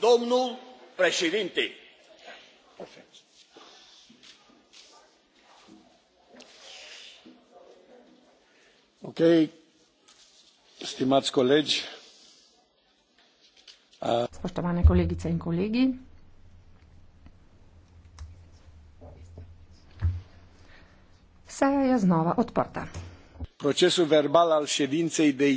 domnul președinte ok stimați colegi spoštovane kolegice in kolegi seja je znova odprta procesul verbal al ședinței de